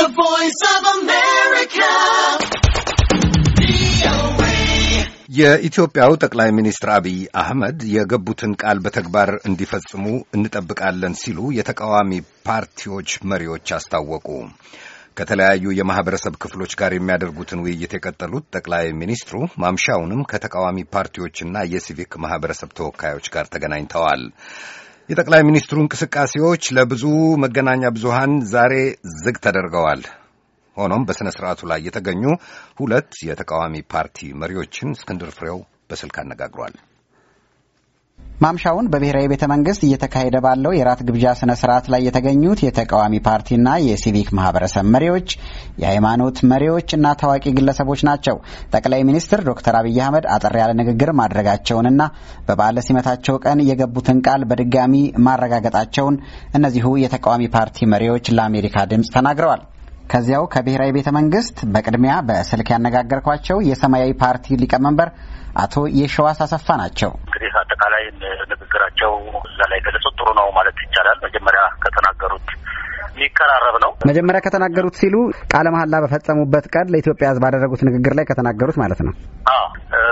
The Voice of America. የኢትዮጵያው ጠቅላይ ሚኒስትር አብይ አህመድ የገቡትን ቃል በተግባር እንዲፈጽሙ እንጠብቃለን ሲሉ የተቃዋሚ ፓርቲዎች መሪዎች አስታወቁ። ከተለያዩ የማህበረሰብ ክፍሎች ጋር የሚያደርጉትን ውይይት የቀጠሉት ጠቅላይ ሚኒስትሩ ማምሻውንም ከተቃዋሚ ፓርቲዎችና የሲቪክ ማህበረሰብ ተወካዮች ጋር ተገናኝተዋል። የጠቅላይ ሚኒስትሩ እንቅስቃሴዎች ለብዙ መገናኛ ብዙሃን ዛሬ ዝግ ተደርገዋል። ሆኖም በሥነ ሥርዓቱ ላይ የተገኙ ሁለት የተቃዋሚ ፓርቲ መሪዎችን እስክንድር ፍሬው በስልክ አነጋግሯል። ማምሻውን በብሔራዊ ቤተ መንግስት እየተካሄደ ባለው የራት ግብዣ ስነ ስርዓት ላይ የተገኙት የተቃዋሚ ፓርቲና የሲቪክ ማህበረሰብ መሪዎች፣ የሃይማኖት መሪዎች እና ታዋቂ ግለሰቦች ናቸው። ጠቅላይ ሚኒስትር ዶክተር አብይ አህመድ አጠር ያለ ንግግር ማድረጋቸውንና በበዓለ ሲመታቸው ቀን የገቡትን ቃል በድጋሚ ማረጋገጣቸውን እነዚሁ የተቃዋሚ ፓርቲ መሪዎች ለአሜሪካ ድምፅ ተናግረዋል። ከዚያው ከብሔራዊ ቤተ መንግስት በቅድሚያ በስልክ ያነጋገርኳቸው የሰማያዊ ፓርቲ ሊቀመንበር አቶ የሸዋስ አሰፋ ናቸው። እንግዲህ አጠቃላይ ንግግራቸው እዛ ላይ ገለጹት ጥሩ ነው ማለት ይቻላል። መጀመሪያ ከተናገሩት የሚቀራረብ ነው። መጀመሪያ ከተናገሩት ሲሉ ቃለ መሀላ በፈጸሙበት ቀን ለኢትዮጵያ ሕዝብ ባደረጉት ንግግር ላይ ከተናገሩት ማለት ነው።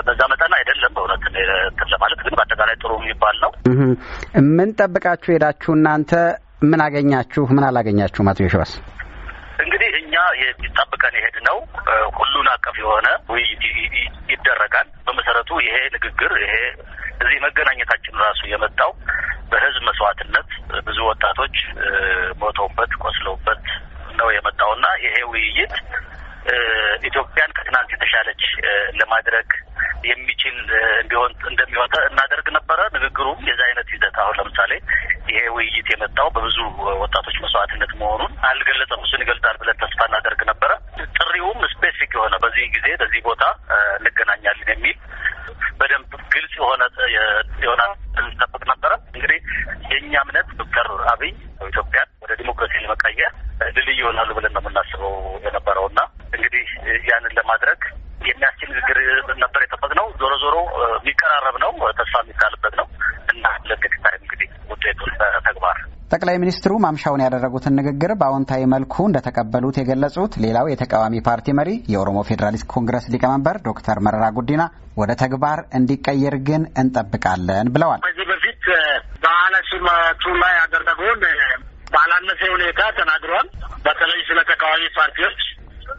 በዛ መጠን አይደለም በእውነት እንትን ለማለት ግን በአጠቃላይ ጥሩ የሚባል ነው። ምን ጠብቃችሁ ሄዳችሁ እናንተ ምን አገኛችሁ? ምን አላገኛችሁ? አቶ ዮሽዋስ እንግዲህ እኛ የሚጠብቀን ይሄድ ነው ሁሉን አቀፍ የሆነ ውይይት በመሰረቱ ይሄ ንግግር ይሄ እዚህ መገናኘታችን ራሱ የመጣው በህዝብ መስዋዕትነት ብዙ ወጣቶች ሞተውበት ቆስለውበት ነው የመጣውና ይሄ ውይይት ኢትዮጵያን ከትናንት የተሻለች ለማድረግ የሚችል እንዲሆን እንደሚሆን እናደርግ ነበረ። ንግግሩም የዚ አይነት ይዘት አሁን ለምሳሌ ይሄ ውይይት የመጣው በብዙ ወጣቶች መስዋዕትነት መሆኑን አልገለጸም። እሱን ይገልጣል ብለን ተስፋ እናደርግ ይሆናል የሚጠበቅ ነበረ። እንግዲህ የእኛ እምነት ዶክተር አብይ ኢትዮጵያን ወደ ዲሞክራሲ ለመቀየር ልልይ ይሆናሉ ብለን ነው የምናስበው የነበረው እና እንግዲህ ያንን ለማድረግ የሚያስችል ንግግር ነበር የጠበቅነው። ዞሮ ዞሮ የሚቀራረብ ነው ተስፋ የሚካል ጠቅላይ ሚኒስትሩ ማምሻውን ያደረጉትን ንግግር በአዎንታዊ መልኩ እንደተቀበሉት የገለጹት ሌላው የተቃዋሚ ፓርቲ መሪ የኦሮሞ ፌዴራሊስት ኮንግረስ ሊቀመንበር ዶክተር መረራ ጉዲና ወደ ተግባር እንዲቀየር ግን እንጠብቃለን ብለዋል። ከዚህ በፊት በዓለ ሲመቱ ላይ ያደረገውን ባላነሰ ሁኔታ ተናግሯል። በተለይ ስለ ተቃዋሚ ፓርቲዎች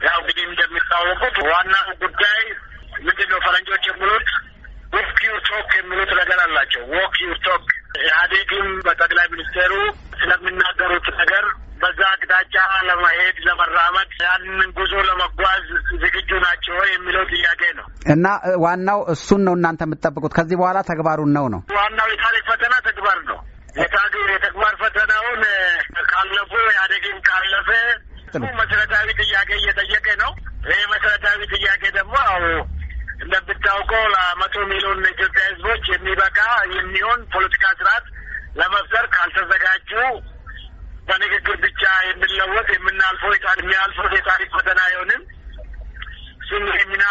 ያው እንግዲህ እንደሚታወቁት ዋናው ጉዳይ ምንድን ነው ፈረንጆች የሚሉት ዎክ ዩር ቶክ የሚሉት ነገር አላቸው። ዎክ ዩር ቶክ ኢህአዴግም በጠቅላይ ሚኒስትሩ ስለሚናገሩት ነገር በዛ አቅጣጫ ለመሄድ ለመራመድ ያንን ጉዞ ለመጓዝ ዝግጁ ናቸው የሚለው ጥያቄ ነው እና ዋናው እሱን ነው እናንተ የምትጠብቁት ከዚህ በኋላ ተግባሩን ነው ነው ዋናው የታሪክ ፈተና ተግባር ነው የተግባር ፈተናውን ካለፉ ኢህአዴግን ካለፈ መሰረታዊ ጥያቄ እየጠየቀ ነው ይህ መሰረታዊ ጥያቄ ደግሞ እንደምታውቀው ለመቶ ሚሊዮን ኢትዮጵያ ህዝቦች የሚበቃ ለመፍጠር ካልተዘጋጁ በንግግር ብቻ የሚለወጥ የምናልፈው የሚያልፈው የታሪክ ፈተና አይሆንም። እሱም ይህን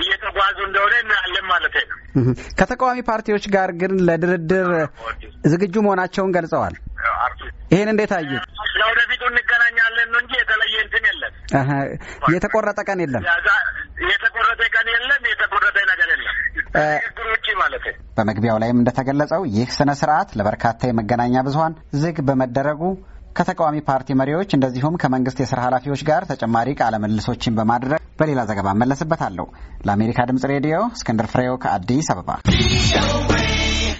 እየተጓዙ እንደሆነ እናያለን ማለት ነው። ከተቃዋሚ ፓርቲዎች ጋር ግን ለድርድር ዝግጁ መሆናቸውን ገልጸዋል። ይሄን እንዴት አዩት? ለወደፊቱ እንገናኛለን ነው እንጂ የተለየ እንትን የለም። የተቆረጠ ቀን የለም። የተቆረጠ ቀን የለም። የተቆረጠ ነገር የለም። በመግቢያው ላይም እንደተገለጸው ይህ ስነ ስርዓት ለበርካታ የመገናኛ ብዙሀን ዝግ በመደረጉ ከተቃዋሚ ፓርቲ መሪዎች እንደዚሁም ከመንግስት የስራ ኃላፊዎች ጋር ተጨማሪ ቃለ ምልልሶችን በማድረግ በሌላ ዘገባ እመለስበታለሁ። ለአሜሪካ ድምጽ ሬዲዮ እስክንድር ፍሬው ከአዲስ አበባ